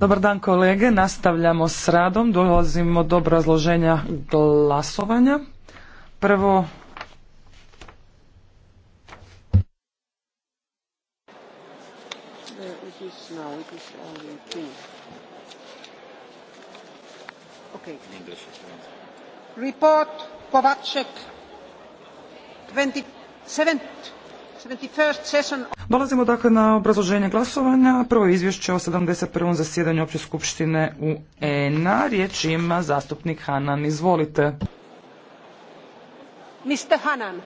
Dobar dan kolege, nastavljamo s radom, dolazimo do obrazloženja glasovanja. Prvo Report Kovacek, 27 Dolazimo dakle na obrazloženje glasovanja. Prvo izvješće o 71. zasjedanju Opće skupštine u ENA. Riječ ima zastupnik Hanan. Izvolite. Mr. Hanan.